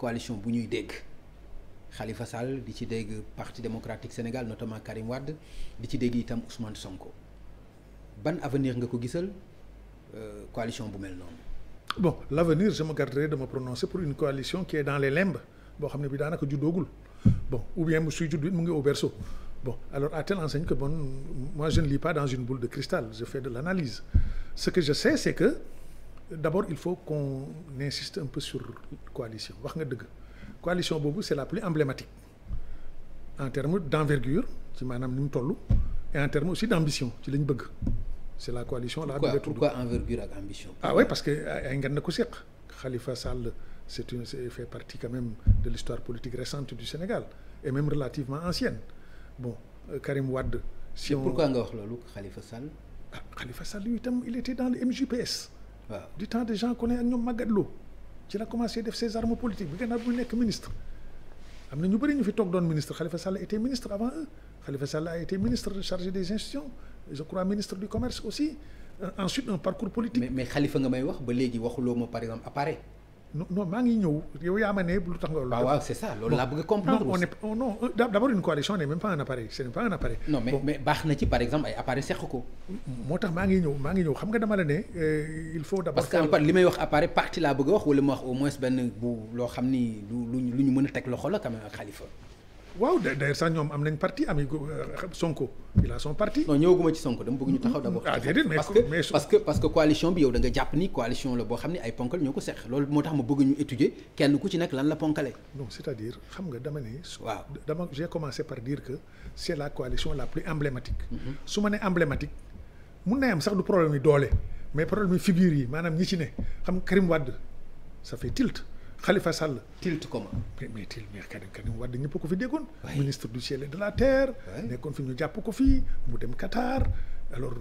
coalition bu ñuy dégg xalifa Sall di ci dégg parti démocratique Sénégal notamment Karim Wade di ci dégg itam Ousmane Sonko ban avenir nga ko gisal euh, coalition bu mel noonu. bon l' avenir je me garderai de me prononcer pour une coalition qui est dans les limbes boo xam ne bi daanaka juddoogul bon ou bien mu suy judd mu ngi au berceau bon alors à telle enseigne que bon moi je ne pas dans une boule de cristal je fais de l'analyse ce que je sais c'est que. d'abord il faut qu'on insiste un peu sur coalition wax nga dëgg coalition boobu c'est la plus emblématique en termes d'envergure ci maanaam ni mu toll et en termes aussi d'ambition ci lañ bëgg c'est la coalition là pourquoi, pourquoi envergure ak ambition ah oui parce que euh, ay ngeen na ko seq Khalifa Sall c'est une c'est fait partie quand même de l'histoire politique récente du Sénégal et même relativement ancienne bon euh, Karim Wade si on... nga wax loolu Khalifa Sall ah, du temps de Jean Collin ak ñoom Magatte Lô ci la commencé def ses armes politiques bi gannaaw bu nekk ministre am na ñu bëri ñu fi toog doon ministre Khalifa Sall était ministre avant eux Khalifa Sall a été ministre chargé des institutions je crois ministre du commerce aussi euh, ensuite un parcours politique mais mais Khalifa nga may wax ba léegi waxuloo ma par exemple appareil non non maa ngi ñëw yow yaa ma ne lu tax nga. waaw waaw c'est ça loolu laa bëgg a comprendre. non on est oh, non euh, d'abord une coalition n'est même pas un appareil ce n'est pas un appareil. non mais baax na ci par exemple ay appareil ko. moo tax maa ngi ñëw maa ngi ñëw xam nga dama la ne euh, il li may wax appareil parti laa bëgg a wax wala ma wax au moins benn bu loo xam ni lu ñu mën a teg loxo la quand ak Khalifa. waaw d'ailleurs sax ñoom am nañ parti ami euh, Sonko il a son parti. non ñëwaguma ci Sonko dama bëgg ñu taxaw d'abord. ah déedéet mais parce que parce que coalition bi yow da jàpp ni coalition la boo xam ne ay ponkal ñoo ko seq loolu moo tax ma bëgg ñu étudier kenn ku ci nekk lan la ponkale. non c'est-à-dire xam nga dama ne. waaw dama mm-hmm. su ma nee emblématique mun na am sax du problème yi doole mais problème yi figure yi maanaam ñi ci ne xam Karim Wade ça fait tilt. Khalifa Sall. tilt comment. mais mais tilt mais Karim Karim Wade ñëpp ko fi déggoon. ministre du ciel et de la terre. nekkoon fi ñu jàpp ko fi mu dem Qatar. alors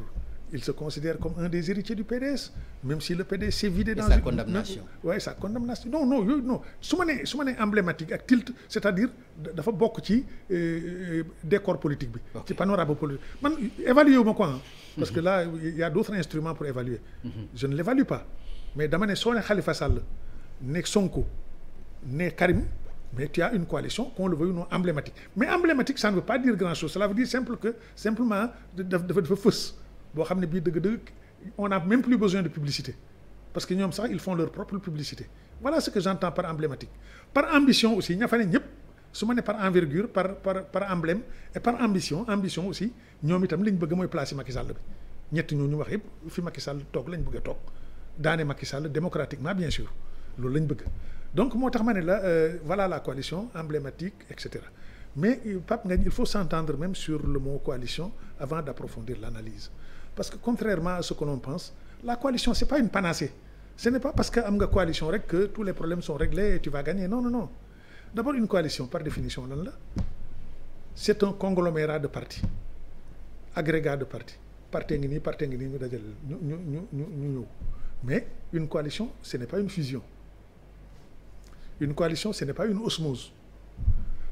il se considère comme un des héritiers du PDS même si le PDS s'est vidé. dans sa condamnation waaye sa condamnation non non yooyu non su ma nee su ma nee emblématique ak tilt c'est-à-dire dafa bokk ci euh, euh, décor politique bi. ci panorama politique man évaluer wu ma quoi parce que là il y a d'autres instruments pour évaluer. Mm-hmm. je ne l'évalue mais dama ne soo ne Khalifa ne Sonko ne Karim mais tu as une coalition qu'on le veuille emblématique mais emblématique ça ne veut pas dire grand chose cela veut dire simple que simplement dafa dafa dafa fës boo xam ne bii dëgg-dëgg on n'a même plus besoin de publicité parce que ñoom sax ils font leur propre publicité voilà ce que j'entends par emblématique par ambition aussi ña fa ne ñëpp su ma ne par envergure par par par emblème et par ambition ambition aussi ñoom itam li ñu bëgg mooy place yi Macky Sall bi ñu wax yëpp fi Sall toog lañ bëgg a toog daane Macky Sall démocratiquement loolu lañ bëgg donc moo tax ma ne la euh, voilà la coalition emblématique et cetera mais euh, Pape Ngagne il faut s'entendre même sur le mot coalition avant d'approfondir l'analyse parce que contrairement à ce que l'on pense la coalition c'est pas une panacée ce n'est pas parce que am nga coalition rek que tous les problèmes sont réglés et tu vas gagner non non non d'abord une coalition par définition lan la c'est un conglomérat de partis agrégat de partis parti ngi nii parti n nii ñu dajale ñu ñu ñu ñu ñëw mais une coalition ce n'est pas une coalition ce n'est pas une osmose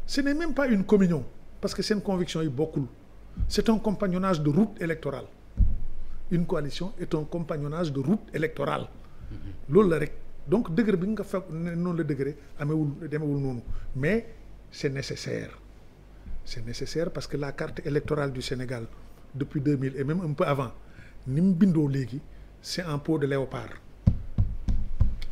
ce n'est même pas une communion parce que seen conviction yi bokkul c'est un compagnonnage de route électorale une coalition est un compagnonnage de route électorale mm-hmm. loolu la rek donc degré bi nga fekk noonu la degré amewul demewul noonu mais c'est nécessaire c'est nécessaire parce que la carte électorale du Sénégal depuis mille et même un peu avant ni mu bindoo léegi c'est en peau de léopard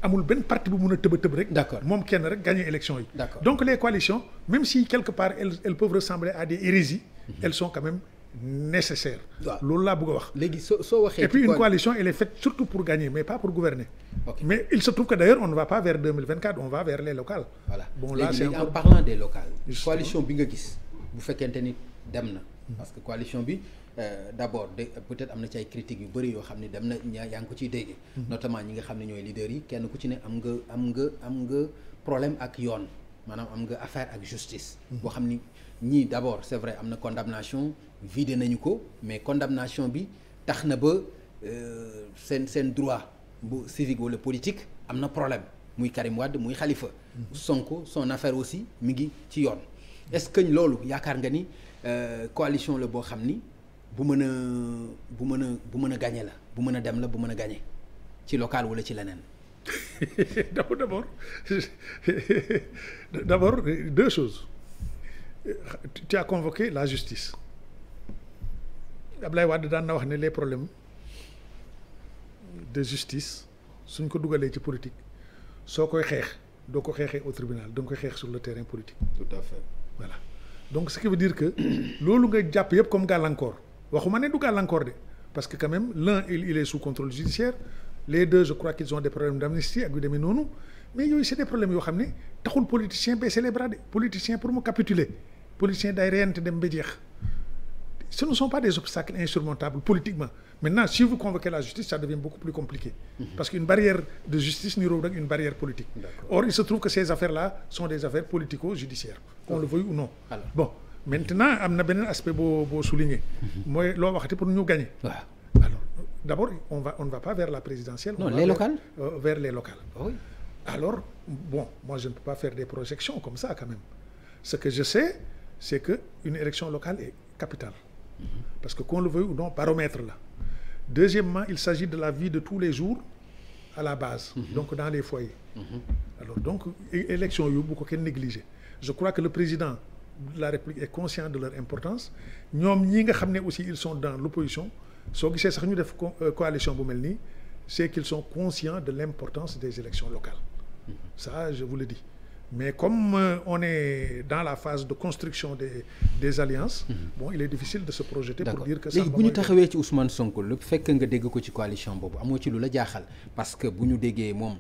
amul benn parti bu mun a tëb a tëb rek. moom kenn rek gagné élection yi. donc les coalitions même si quelque part elles elles peuvent ressembler à des hérésies. Mm -hmm. elles sont quand même nécessaires. waaw loolu laa bëgg a wax. léegi soo waxee. et puis une coalition surtout pour gagner mais pas pour gouverner. mais il se trouve que d'ailleurs on ne va pas vers on va vers les locales. bon là c'est encore... des locales. Justement. bi nga gis bu fekkente ni dem na. Mhm. parce que coalition bi. Euh, d' abord de peut-être am na ci ay critiques yu bëri yoo xam ne dem na yaa ngi ko ciy dégg. Mm-hmm. notamment ñi nga xam ne ñooy leaders yi kenn ku ci ne am nga am nga am nga problème ak yoon maanaam am nga affaire ak justice. Mm-hmm. boo xam ni ñii d' abord est vrai am na condamnation vidé nañu ko mais condamnation bi tax na ba euh, seen seen droit bu civique wala politique am na problème muy Karim Wade muy xalifa mm-hmm. sonk son affaire aussi mi ngi ci yoon. est-ce que loolu yaakaar nga ni euh, coalition la boo xam ni. bu mën a bu mën a bu mën a gañe la bu mën a dem la bu mën a gañe ci local wala ci leneen. d'abord d'abord d'abord deux choses tu as convoqué la justice Ablaye Wade daan na wax ne les problème de justice suñ ko dugalee ci politique soo koy xeex doo ko xeexee au tribunal doo koy xeex sur le terrain politique. tout à fait voilà donc ce qui veut dire que loolu nga jàpp yëpp comme gàllankoor. waxuma ne du gàllankoor de parce que quand même l'un il, il est sous contrôle judiciaire les deux je crois qu'ils ont des problèmes d'amnistie ak yu mais yooyu c'est des problèmes yoo xam ne taxul politicien baisser les bras de politicien pour mu capituler politicien day reyante dem ba jeex ce ne sont pas des obstacles insurmontables politiquement maintenant si vous convoquez la justice ça devient beaucoup plus compliqué mhm. parce qu'une barrière de justice maintenant am na beneen aspect boo boo souligné. Mhm. mooy loo waxati pour ñu gagner. waaw alors d' abord on va on ne va pas vers la présidentielle. non les locales euh, vers les locales. Ah alors bon moi je ne peux pas faire des projections comme ça quand même ce que je sais c' est que une élection locale est capitale. Mhm. parce que qu'on le paromètre la deuxièmement il s'agit de la vie de tous les jours à la base mm -hmm. donc dans les foyers mhm. donc élection yu bu ko kenn négliger je crois que le président de la République est conscient de leur importance ñoom ñi nga xam ne aussi ils sont dans l'opposition soo gisee sax ñu def euh, coalition bu mel nii c'est qu'ils sont conscients de l'importance des élections locales ça je vous le dis mais comme euh, on est dans la phase de construction des alliances. Mhm. il est difficile de se projeter. pour dire que bu ñu taxawee ci Ousmane Sonko lu fekk nga dégg ko ci coalition boobu amoo ci lu la jaaxal parce que bu ñu déggee moom.